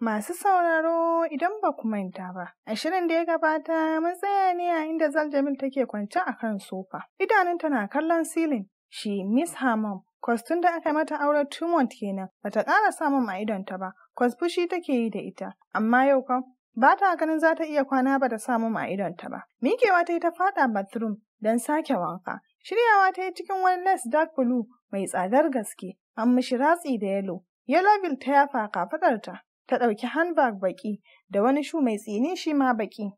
Masu sauraro idan ba ku manta ba, a shirin da ya gabata mun tsaya ne a inda Zaljamil take kwance a kan sofa. Idanunta na kallon silin, shi Miss Hammam, kwastun da aka mata auren Tumont kenan, Ba ta ƙara samun a idonta ba, kwasfushi take yi da ita, amma yau kam ba ta ganin za ta iya kwana ba da samun a idonta ba. Mikewa ta yi ta faɗa bathroom don sake wanka. Shiryawa ta yi cikin wani less dark blue mai tsadar gaske, an mishi ratsi da yalo. Yellow ta yafa kafaɗarta. ta ɗauki hanbark baƙi da wani shu mai tsini shi ma baƙi.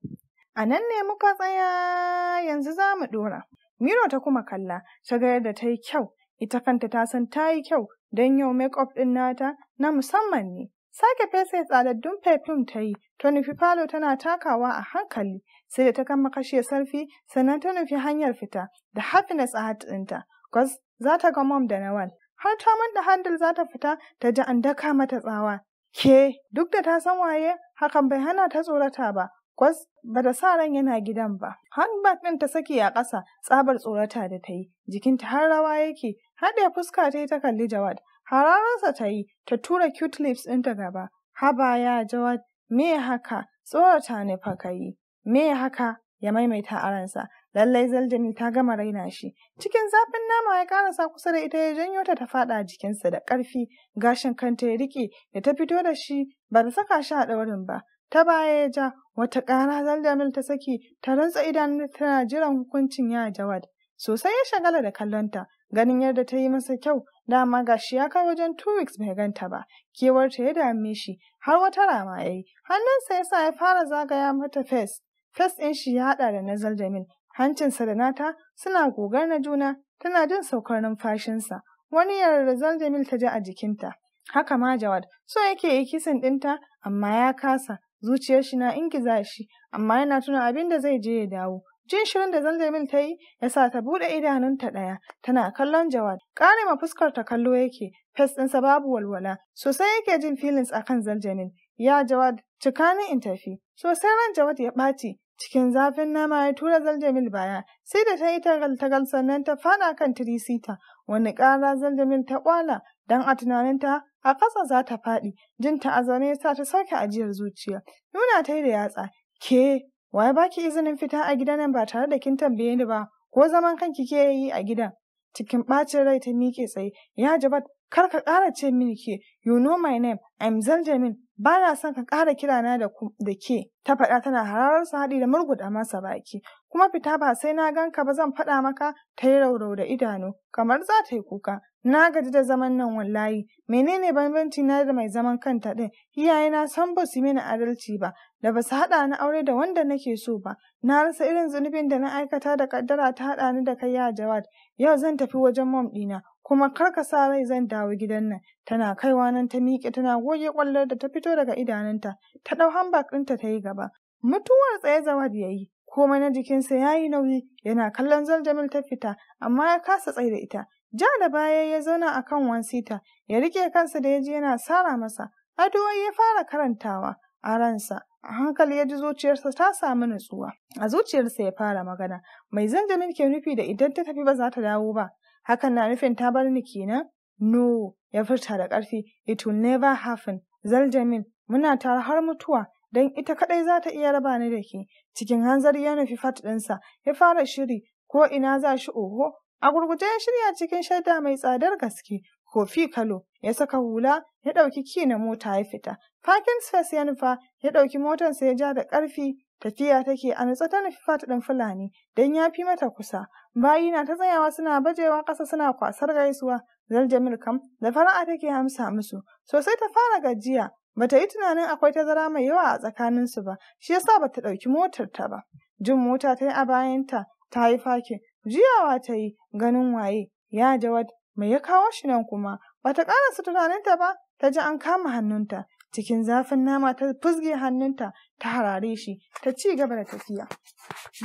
A nan ne muka tsaya yanzu za mu ɗora. Miro ta kuma kalla, ta ga yadda ta yi kyau, ita kanta ta san ta yi kyau don yau make-up ɗin nata na musamman ne. Sake fesa tsadaddun perfume ta yi, ta nufi falo tana takawa a hankali, sai da ta kama kashe sarfi sannan ta nufi hanyar fita da happiness a hat ɗinta. Kwas za ta ga mom da Nawal. Har ta manta handle za ta fita ta ji an daka mata tsawa. Ke, duk da ta san waye, hakan bai hana ta tsorata ba, kwas ba da sa ran yana gidan ba. Handbag ɗin ta saki a ƙasa, tsabar tsorata da ta yi, jikinta har rawa yake, haɗe fuska ta yi ta kalli Jawad. Harararsa ta yi, ta tura cute lips ta gaba. Haba ya Jawad, me haka? Tsorata ne fa ka yi. Me haka? Ya maimaita aronsa. Lallai Zaljani ta gama raina shi. Cikin zafin nama ya karasa kusa da ita ya janyo ta ta faɗa jikinsa da karfi gashin kanta ya riƙe da ta fito da shi ba ta saka shi a ɗaurin ba. Ta baya ya ja wata ƙara Zaljamil ta saki ta rantsa idan tana jiran hukuncin ya Jawad. Sosai ya shagala da kallonta, ganin yadda ta yi masa kyau dama shi ya kai wajen two weeks bai ganta ba kewarta ya dame shi har wata rama ya yi hannunsa ya sa ya fara zagaya mata fes fes ɗin shi ya haɗa da na zaljamil hancinsa da nata suna gogar na juna tana jin saukar numfashinsa wani yarrazar jamil ta ji a jikinta haka ma jawad so yake yi kisan dinta? amma ya kasa zuciyar shi na ingiza shi amma yana tuna abin da zai je ya dawo jin shirin da zaljamil ta yi ya sa ta buɗe idanunta ɗaya tana kallon jawad ƙare ma fuskar ta kallo yake fes ɗinsa babu walwala sosai yake jin feelings akan zaljamil ya jawad cika ni in tafi sosai ran jawad ya ɓaci Cikin zafin nama ya tura Zaljamil baya, sai da ta yi tagal-tagal sannan ta fada kan tirisita, wani ƙara Zaljamil ta kwala don a tunaninta a ƙasa za ta faɗi, Jin ta azane sa ta sauke ajiyar zuciya. Nuna ta yi da yatsa, ke, ba ki izinin fita a gidan nan ba tare da kin tambaye ni ba, ko zaman kanki ke yi a gidan. Cikin ɓacin rai ta miƙe tsaye, ya jabat Kar ka ƙara ce mini ke, you know my name, I'm Zaljamin, ba na son ka ƙara na da ke, ta faɗa tana hararar sa haɗi da murguɗa masa baki, kuma fita ba sai na ka ba zan faɗa maka ta yi raurau da idanu, kamar za ta yi kuka. Na gaji da zaman nan wallahi, menene bambanci na da mai zaman kanta ɗin, na san ba su mini adalci ba, da ba su haɗa ni aure da wanda nake so ba, na rasa irin zunubin da na aikata da kaddara ta haɗa ni da kai ya Jawad, yau zan tafi wajen mom ɗina, kuma kar ka sa rai zan dawo gidan nan. Tana kaiwa nan ta miƙe tana goge ƙwallar da ta fito daga idanunta, ta ɗau hambak ɗinta ta yi gaba. Mutuwar tsaye zawar ya yi, komai na jikinsa ya yi nauyi, yana kallon Zaljamil ta fita, amma ya kasa tsaye da ita. Ja da baya ya zauna a kan wansita, ya riƙe kansa da ya ji yana sara masa. Addu'o'i ya fara karantawa a ransa, a hankali ya ji zuciyarsa ta samu nutsuwa. A zuciyarsa ya fara magana, mai zanjamin ke nufi da idan ta tafi ba za ta dawo ba. Hakan na nufin ta bar ni kenan? No, ya furta da ƙarfi, it will never happen. Zaljamin, muna tare har mutuwa, don ita kaɗai za ta iya raba ni da ke. Cikin hanzari ya nufi fat ɗinsa, ya fara shiri, ko ina za shi oho, a gurguje ya shirya cikin shaida mai tsadar gaske. Kofi kalo, ya saka hula, ya ɗauki ki na mota ya fita. Parking space ya nufa, ya ɗauki motarsa ya ja da ƙarfi, Tafiya take a nutse ta nufi fat ɗin Fulani don ya fi mata kusa. Bayi na ta tsayawa suna bajewa ƙasa suna kwasar gaisuwa. Zaljamil kam da fara'a take hamsa musu. Sosai ta fara gajiya bata yi tunanin akwai tazara mai yawa a tsakaninsu ba shi yasa bata ɗauki motar ta ba. Jin mota ta yi a bayanta ta yi fake, juyawa ta yi ganin waye ya jawad mai ya kawo shi nan kuma bata su tunaninta ba ta ji an kama hannunta Cikin zafin nama ta fusge hannunta ta harare shi ta ci gaba da tafiya.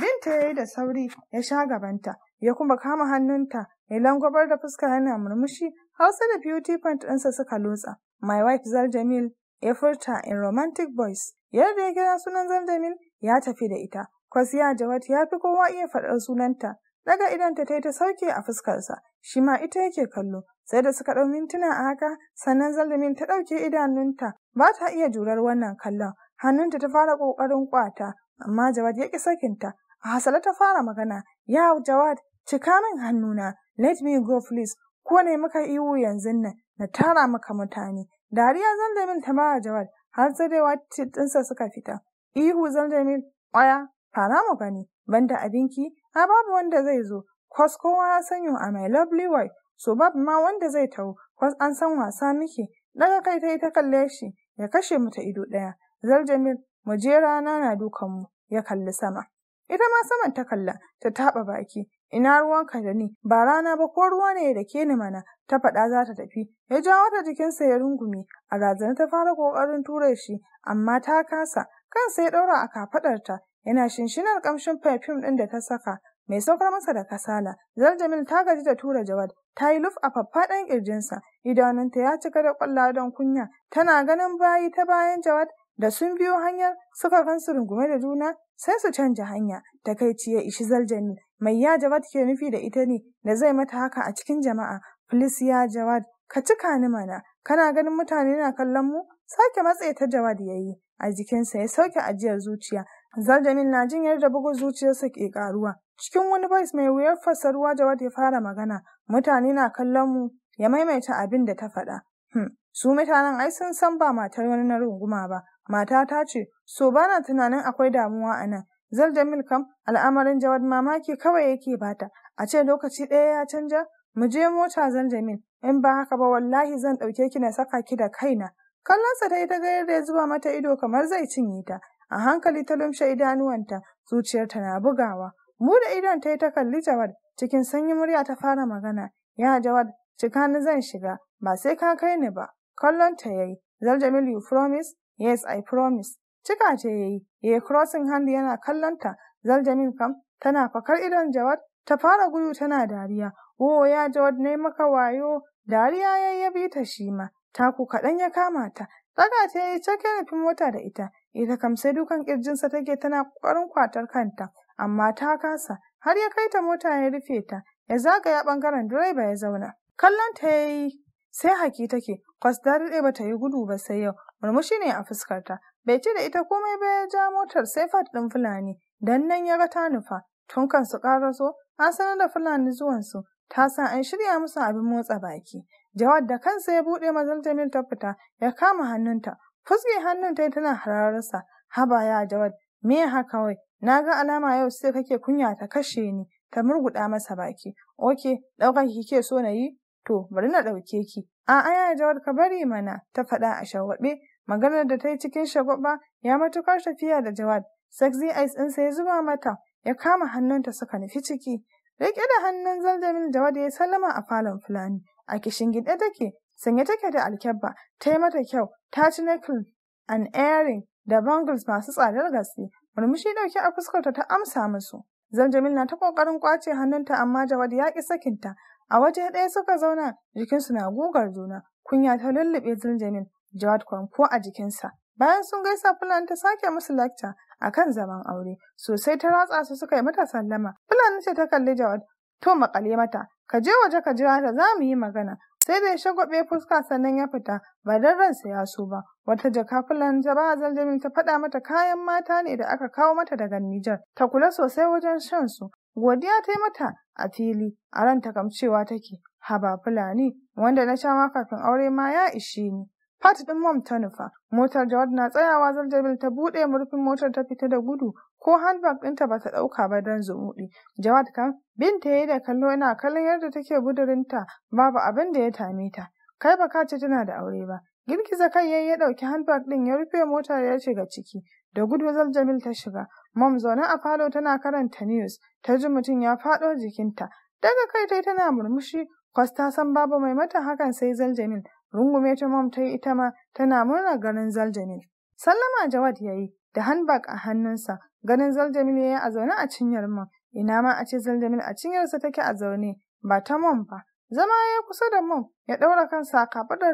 Binta ya yi da sauri ya sha gabanta ya kuma kama hannunta ya langwabar da fuska yana murmushi Hausa da beauty point ɗinsa suka lotsa. My wife Zaljamil ya furta in romantic voice. Yadda ya kira sunan Zaljamil ya tafi da ita. Kwasiya Jawat ya fi kowa iya faɗar sunanta. Daga idan ta yi ta sauke a fuskarsa. shi ma ita yake kallo sai da suka ɗau mintuna a haka sannan zallumin ta ɗauke idanunta ba ta iya jurar wannan kallon hannunta ta fara ƙoƙarin ƙwata amma jawad ya ƙi sakinta a hasala ta fara magana ya jawad cika min hannuna let me go please ko ne muka iwu yanzu nan na tara maka mutane dariya zallumin ta ba jawad har sai dai ɗinsa suka fita ihu zalimin ƙwaya fara mu gani banda abinki a babu wanda zai zo Kwas kowa ya san a my lovely wife, so babu ma wanda zai taho, kwas an san wasa muke. daga kai ta yi ta kalle shi, ya kashe mu ta ido ɗaya. Zaljamil, mu je rana na dukan mu ya kalli sama. Ita ma saman ta kalla, ta taɓa baki, ina ruwanka da ni, ba rana ba ko ruwa ne da ke ni mana, ta faɗa za ta tafi, ya ja wata jikinsa ya rungume, a razana ta fara ƙoƙarin ture shi, amma ta kasa, kansa ya ɗaura a kafaɗarta, yana shinshinar ƙamshin fim ɗin da ta saka, mai saukar masa da kasala. Zaljamil ta gaji da tura Jawad, ta yi luf a faffaɗan ƙirjinsa, idanunta ya cika da ƙwallo don kunya, tana ganin bayi ta bayan Jawad da sun biyo hanyar suka gansu rungume da juna sai su canja hanya, Ta kai ya ishi Zaljamil. Mai ya Jawad ke nufi da ita ne da zai mata haka a cikin jama'a, Filis ya Jawad, ka cika ni mana, kana ganin mutane na kallon mu? Sake matse ta Jawad ya yi, a jikinsa ya sauke ajiyar zuciya. Zaljamil na jin yarda bugun zuciyarsa ke ƙaruwa, Cikin wani bais mai wuyar fassaruwa Jawad ya fara magana, mutane na kallon mu ya maimaita abin da ta faɗa. Hmm, su mutanen ai sun san ba matar wani na runguma ba, mata ta ce, so bana tunanin akwai damuwa a nan. Zaldamil kam al'amarin Jawad mamaki kawai yake bata, a ce lokaci ɗaya ya canja, mu je mota Zan zan-jamil in ba haka ba wallahi zan ɗauke ki na saka ki da kaina. Kallonsa ta yi ta gayar da ya zuba mata ido kamar zai cinye ta, a hankali ta lumshe idanuwanta, zuciyarta na bugawa. Mu da idon ta yi ta kalli Jawad cikin sanyin murya ta fara magana. Ya Jawad, cika ni zan shiga, ba sai ka kai ni ba. Kallon ta yayi. Zaljamil you promise? Yes, I promise. Cika ta yayi, yayi crossing hand yana kallon ta. Zaljamil kam tana fakar idon Jawad ta fara gudu tana dariya. Oh ya Jawad ne maka wayo. Dariya yayi ya bi ta shi ma. Taku kaɗan ya kama ta. Daga ta yayi cak ya mota da ita. Ita kam sai dukan kirjinsa take tana ƙoƙarin kwatar kanta. amma ta kasa har ya kai ta mota ya rufe ta ya zagaya bangaren direba ya zauna kallon ta yayi sai haki take kwas daɗe ba ta yi gudu ba sai yau murmushi ne a fuskarta bai ce da ita komai ba ya ja motar sai fat din fulani dan nan ya ga ta nufa tun kan su karaso? an sanar da fulani su ta san an shirya musu abin motsa baki jawad da kansa ya buɗe mazaltamin ta fita ya kama hannunta fuske hannun ta tana hararsa haba ya jawad me haka wai na ga alama yau sai kake kunya ta kashe ni, ta murguɗa masa baki. Oke, ɗaukar ki ke so na yi? To, bari na ɗauke ki. A'a ya jawar ka bari mana, ta faɗa a shawaɓe. Maganar da ta yi cikin shagwaɓa ya matuƙar tafiya da jawad. Sexy Ice" ɗinsa ya zuba mata, ya kama hannunta suka nufi ciki. Riƙe da hannun da Jawad ya sallama a falon Fulani. A kishin gida take, sanye take da alkyabba, ta yi mata kyau, ta ci necklace an earring. da bangles masu tsadar gaske. Murmushi ɗauke a fuskarta ta amsa musu. Zaljamil na ta ƙoƙarin ƙwace hannunta amma Jawad ya ƙi sakinta. A waje ɗaya suka zauna, jikinsu na gugar juna. Kunya ta lullube Zaljamil, Jawad ko a jikinsa. Bayan sun gaisa Fulani ta sake musu lacca a kan zaman aure, sosai ta ratsa su suka yi mata sallama. Fulani ce ta kalli Jawad, to maƙale mata, ka je waje ka jira ta za mu yi magana. Sai da ya shagwabe fuska sannan ya fita, ba don ransa ya so ba. Wata jaka fulan Jaba Jamil ta faɗa mata kayan mata ne da aka kawo mata daga Nijar. Ta kula sosai wajen shan su. Godiya ta yi mata a fili, a ran ta gamcewa take. Haba Fulani, wanda na sha ma kafin aure ma ya ishe ni. Fat ɗin mom ta nufa. Motar Jawad na tsayawa Zaljabil ta buɗe murfin motar ta fita da gudu ko handbag ɗinta ta ɗauka ba don zumuɗi. Jawad kam binta yayi da kallo yana kallon yadda take gudurinta babu abin da ya tame ta. Kai ba ka tana da aure ba. Girgiza kai yayi ya ɗauki handbag ɗin ya rufe mota ya shiga ciki. Da gudu Jamil ta shiga. Mom zaune a falo tana karanta news. Ta ji mutum ya faɗo jikinta. Daga kai tai tana murmushi. Kwas ta san babu mai mata hakan sai Zaljamil. Rungume ta mom ta yi ita ma tana murna ganin Zaljamil. Sallama Jawad ya yi da handbag a hannunsa Ganin Zaljamil ya yi a zaune a cinyar mom, ina ma a ce Zaljamil a cinyarsa take a zaune, ba ta mom ba. Zama ya kusa da mom, ya ɗaura kansa a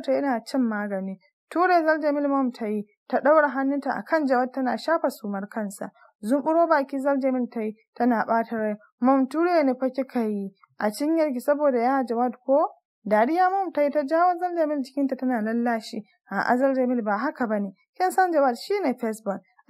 ta yana cin magani. Ture Zaljamil mom ta yi, ta ɗaura hannunta a kan Jawad tana shafa sumar kansa. Zumburo baki Zaljamil ta yi, tana ɓata rai. Ture ne fa kika yi, a cinyarki saboda ya Jawad ko? Dariya mom ta yi ta jawo Zaljamil jikinta tana lallashi. A'a Zaljamil ba haka ba ne, kin san Jawad shi ne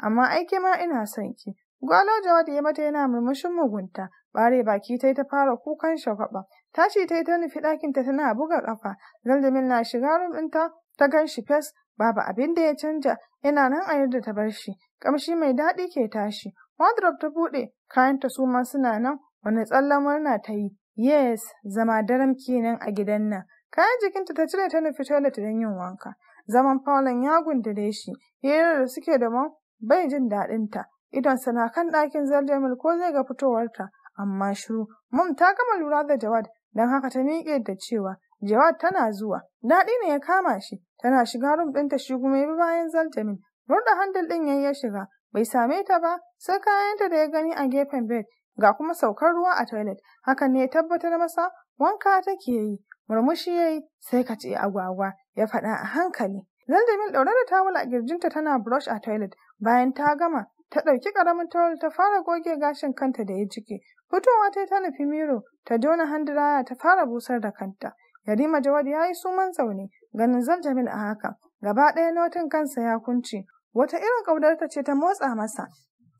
amma aiki ma ina son ki. Gwalo jawabi ya mata yana murmushin mugunta, bare baki ta ta fara kukan shagwaba. Tashi ta ta nufi ɗakinta tana buga ƙafa, Zaldamin na shiga rum ta gan shi fes, babu abin da ya canja, yana nan a yadda ta bar shi. Kamshi mai daɗi ke tashi, wardrobe ta buɗe, kayanta su ma suna nan, wani tsallan murna ta yi. Yes, zama daren kenan a gidan nan. Kayan jikinta ta cire ta nufi toilet don yin wanka. Zaman Paulin ya gundule shi, hirar da suke da Bai jin daɗinta, idonsa na kan ɗakin Zaljamil ko zai ga fitowarta, amma shiru. Mum ta gama lura da Jawad, don haka ta miƙe da cewa Jawad tana zuwa. Daɗi ne ya kama shi, tana shiga rum ɗinta shi kuma ya bayan Zaljamil. Rurda handal ɗin yayi ya shiga, bai same ta ba, sai kayanta da ya gani a gefen bed, ga kuma saukar ruwa a toilet. Hakan ne ya tabbatar masa wanka take yi. Murmushi ya yi, sai ka ce agwagwa, ya faɗa a hankali. Zaljamil ɗaure da tawul a ƙirjinta tana brush a toilet, Bayan ta gama, ta ɗauki ƙaramin tawul ta fara goge gashin kanta da ya jike. Fitowa ta ta nufi miro, ta jona handiraya ta fara busar da kanta. Yarima Jawad ya yi suman zaune, ganin Zaljamil a haka. Gaba ɗaya notin kansa ya kunci. Wata irin ƙaudar ta ce ta motsa masa.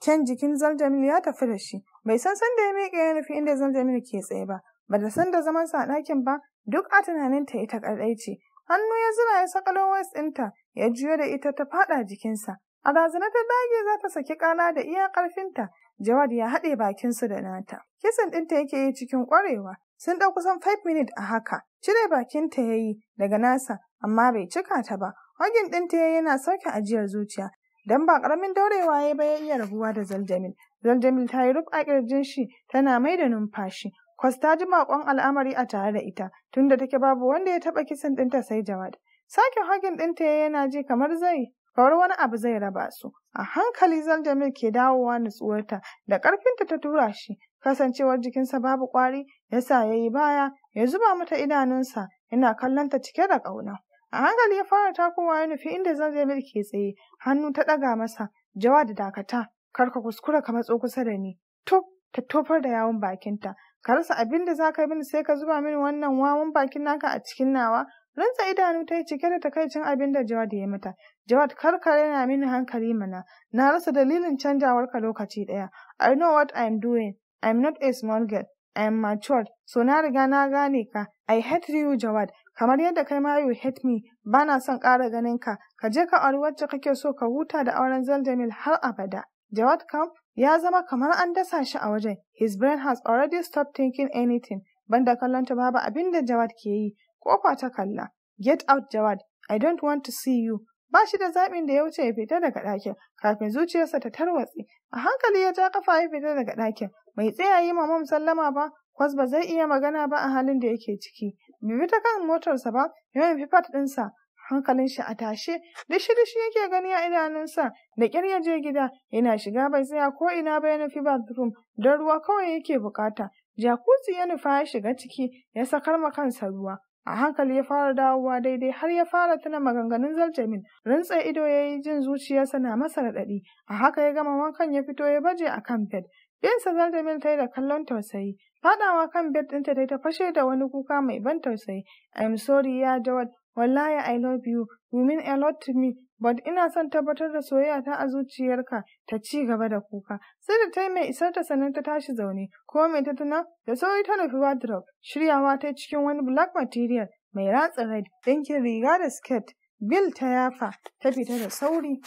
Can jikin Zaljamil ya tafi da shi. Bai san san da ya miƙe ya nufi inda Zaljamil ke tsaye ba. Ba da san da zaman a ɗakin ba, duk a tunaninta ita kaɗai ce. Hannu ya zira ya sakalo West ɗinta, ya juyo da ita ta faɗa jikinsa. A razana ta dage za ta saki kana da iya ƙarfinta, Jawad ya haɗe bakinsu da nata. Kisan ɗinta yake yi cikin ƙwarewa, sun ɗau kusan 5 minutes a haka. Cire bakinta ya yi daga nasa, amma bai cika ta ba. Hagin ɗinta ya yana sauke ajiyar zuciya, don ba ƙaramin daurewa ya ba ya rabuwa da Zaljamil. Zaljamil ta yi rufa ƙirjin shi, tana mai da numfashi. Kwas ta ji makon al'amari a tare da ita, tunda take babu wanda ya taɓa kisan ɗinta sai Jawad. Sake hagin ɗinta yana ji kamar zai Kawar wani abu zai raba su. A hankali Zaljamil ke dawowa nutsuwarta da ƙarfinta ta tura shi. Kasancewar jikinsa babu ƙwari ya sa ya yi baya ya zuba mata idanunsa yana kallonta cike da ƙauna. A hankali ya fara takowa ya nufi inda Zaljamil ke tsaye. Hannu ta ɗaga masa. Jawa da dakata. Kar ka kuskura ka matso kusa da ni. To, ta tofar da yawun bakinta. ka rasa abin da zaka mini sai ka zuba mini wannan wawan bakin naka a cikin nawa Rantsa idanu ta yi cike da takaicin abin da Jawad ya mata. Jawad karkare na mini hankali mana. Na rasa dalilin canjawar ka lokaci ɗaya. I know what I'm doing. I'm not a small girl. I'm matured. So na riga na gane ka. I hate you Jawad. Kamar yadda kai ma you hate me. Ba na son kara ganin ka. Ka je ka auri wacce kake so ka huta da auren Zaljamil har abada. Jawad kam ya zama kamar an dasa shi a wajen. His brain has already stopped thinking anything. Banda kallon ta babu abin da Jawad ke yi. Kofa ta kalla. Get out Jawad, I don't want to see you. Ba shi da zaɓin da ya wuce ya fita daga ɗakin kafin zuciyarsa ta tarwatse. A hankali ya ja kafa ya fita daga ɗakin. Bai tsaya yi ma mam sallama ba, kwas ba zai iya magana ba a halin da yake ciki. Bai fita kan motarsa ba, ya mafi fifat ɗinsa. Hankalin shi a tashe, dishi dishi yake gani a idanunsa, da ƙyar ya je gida, yana shiga bai tsaya ko ina ba ya nufi bathroom, don ruwa kawai yake buƙata. Jakutsi ya nufa ya shiga ciki, ya sakar ma kansa ruwa. a hankali ya fara dawowa daidai har ya fara tuna maganganun zaljamin rantsa ido ya yi jin zuciyarsa na masa raɗaɗi a haka ya gama wankan ya fito ya baje a kan bed binsa zaljamin ta yi da kallon tausayi faɗawa kan bed ɗinta ta ta fashe da wani kuka mai ban tausayi i'm sorry ya jawad wallahi i love you you mean a lot to me Bad ina son tabbatar da soyayyata a zuciyarka ta ci gaba da kuka. Sai da ta yi mai isar ta sannan ta tashi zaune, kuma mai ta tuna da sauri ta nufi wardrobe, shiryawa ta cikin wani black material mai ratsa red, ɗinkin riga da skirt. Bill ta yafa, ta fita da sauri.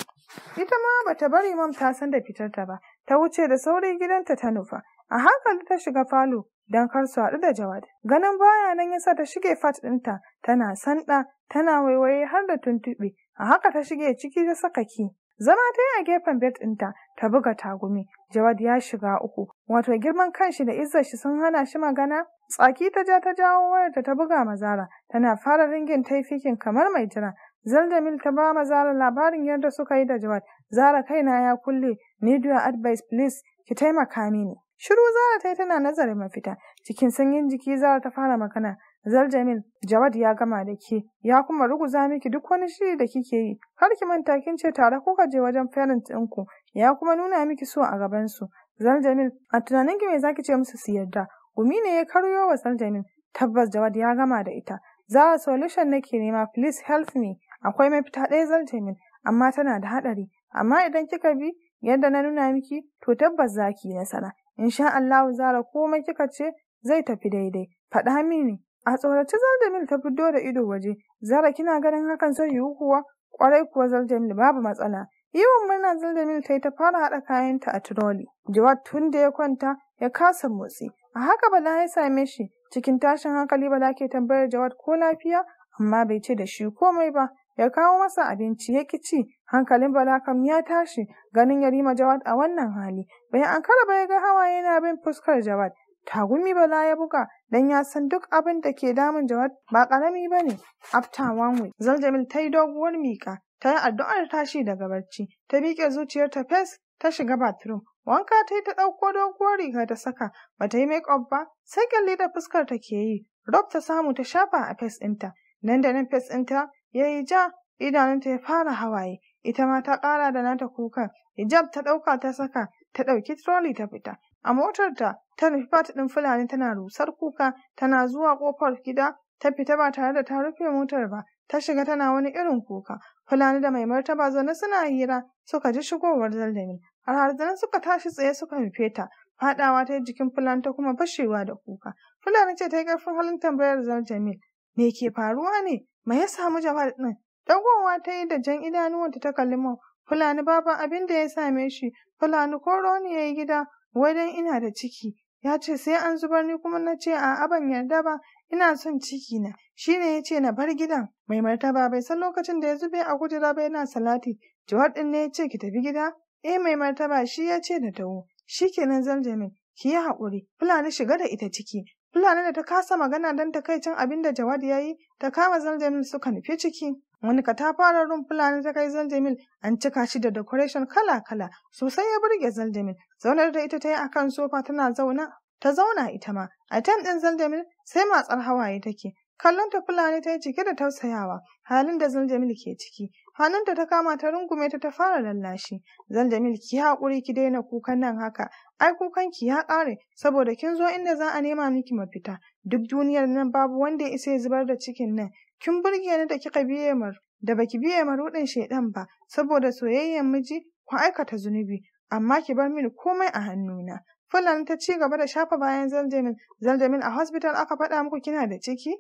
Ita ma bata bari mam ta san da fitar ta ba, ta wuce da sauri gidanta ta nufa. A hankali ta shiga falo don kar su haɗu da Jawad. Ganin baya nan ya sa ta shige fat ɗinta, tana sanda, tana waiwaye har da tuntuɓe. A haka ta shige ciki ta saka ki. Zama ta a gefen bed ɗinta ta buga tagumi. Jawad ya shiga uku. Wato girman kanshi da izzar shi sun hana shi magana. Tsaki ta ja ta jawo wayar ta buga mazara. Tana fara ringin taifikin kamar mai jira. Zaldamil ta ba ma labarin yadda suka yi da Jawad. Zara kaina ya kulle, need your advice please, ki taimaka mini. Shiru Zara ta yi tana nazarin mafita, cikin sanyin jiki Zara ta fara magana. Zaljamil, Jawad ya gama da ke, ya kuma ruguza miki duk wani shiri da kike yi, har ki manta kin ce tare kuka je wajen parent ɗinku, ya kuma nuna miki so a gabansu. Zaljamil, a tunanin ki me zaki ce musu su yarda? Gumi ne ya karyo wa Zaljamil, tabbas Jawad ya gama da ita. Za a solution nake nema, please help me. Akwai mafita ɗaya Zaljamil, amma tana da haɗari. Amma idan kika bi yadda na nuna miki, to tabbas za ki yi nasara. Insha Allah Zara komai kika ce zai tafi daidai. Faɗa mini. A tsorace Zaldamil ta fito da ido waje, Zara kina ganin hakan zai yiwu kuwa? Kwarai kuwa Zaldamil babu matsala. Yawan murna Zaldamil ta yi ta fara haɗa kayanta a turoli. Jawad tun da ya kwanta ya kasa motsi. A haka Bala ya same shi cikin tashin hankali Bala ke tambayar Jawad ko lafiya amma bai ce da shi komai ba. Ya kawo masa abinci ya ki ci hankalin Bala kam ya tashi ganin Yarima Jawad a wannan hali. Bayan an kara bai ga hawaye na bin fuskar Jawad. Tagumi Bala ya buga don ya san duk abin da ke damun Jawad ba karami ba ne. After one week, Zaljamil ta yi doguwar miƙa, ta yi addu'ar tashi daga barci, ta miƙe zuciyarta fes, ta shiga bathroom. Wanka ta yi ta ɗauko doguwar riga ta saka, ba ta yi make-up ba, sai kyalli da fuskar ta ke yi. Rob ta samu ta shafa a fes ɗinta, nan da nan fes ɗinta ya yi ja, idanunta ya fara hawaye. ita ma ta ƙara da nata kukan. Hijab ta ɗauka ta saka, ta ɗauki troli ta fita. A motar ta ta nufi fata ɗin Fulani tana rusar kuka, tana zuwa ƙofar gida, ta fita ba tare da ta rufe motar ba, ta shiga tana wani irin kuka. Fulani da mai martaba zaune suna hira suka ji shigowar zaldami. Har har suka tashi tsaye suka rufe ta. Faɗawa ta yi jikin Fulani ta kuma fashewa da kuka. Fulani ce ta yi ƙarfin halin tambayar Zaljamil. Me ke faruwa ne? Me ya samu Jawad ɗin? Dagowa ta yi da jan idanuwanta ta kalli mun. Fulani babu abin da ya same shi. Fulani koro ni ya yi gida, wai don ina da ciki. Ya ce sai an zubar ni kuma na ce a ban yarda ba, ina son ciki na. Shi ne ya ce na bar gidan. Mai martaba bai san lokacin da ya zube a kujera ba yana salati. Jawar ɗin ne ya ce ki tafi gida. Eh mai martaba shi ya ce na taho. Shi kenan Zaljamin, ki yi haƙuri. Fulani shiga da ita ciki. Fulani da ta kasa magana don takaicin abin da Jawad ya yi, ta kama Zaljamin suka nufi ciki. wani katafararrun fulani ta kai Zaldemil an cika shi da decoration kala-kala sosai ya burge Zaldemil zaunar da ita ta yi akan sofa tana zauna ta zauna ita ma a tem ɗin Zaldemil sai matsar hawaye take kallon ta fulani ta yi cike da tausayawa halin da Zaldemil ke ciki hannunta ta kama ta rungume ta ta fara lallashi Zaldemil ki haƙuri ki daina kukan nan haka ai kukan ki ya ƙare saboda kin zo inda za a nema miki mafita duk duniyar nan babu wanda ya isa ya zubar da cikin nan Kin burge ni da kika biye mar, da baki biye rudin shaidan ba, saboda soyayyen miji ku aikata zunubi, amma ki bar mini komai a hannuna. Fulani ta ci gaba da shafa bayan Zaljamin, Zaljamin a hospital aka faɗa muku kina da ciki?